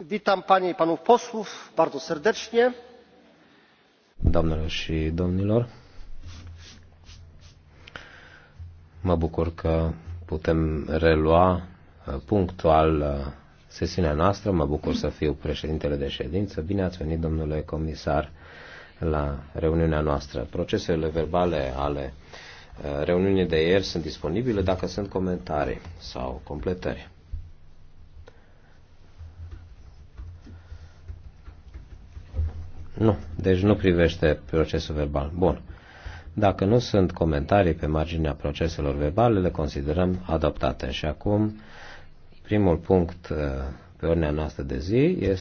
witam panie i panów posłów bardzo serdecznie. doamnelor și domnilor mă bucur că putem relua uh, punctual uh, sesiunea noastră. Mă bucur să fiu președintele de ședință. Bine ați venit, domnule comisar, la reuniunea noastră. Procesele verbale ale uh, reuniunii de ieri sunt disponibile dacă sunt comentarii sau completări. Nu, deci nu privește procesul verbal. Bun. Dacă nu sunt comentarii pe marginea proceselor verbale, le considerăm adoptate. Și acum, primul punct uh, pe ordinea noastră de zi este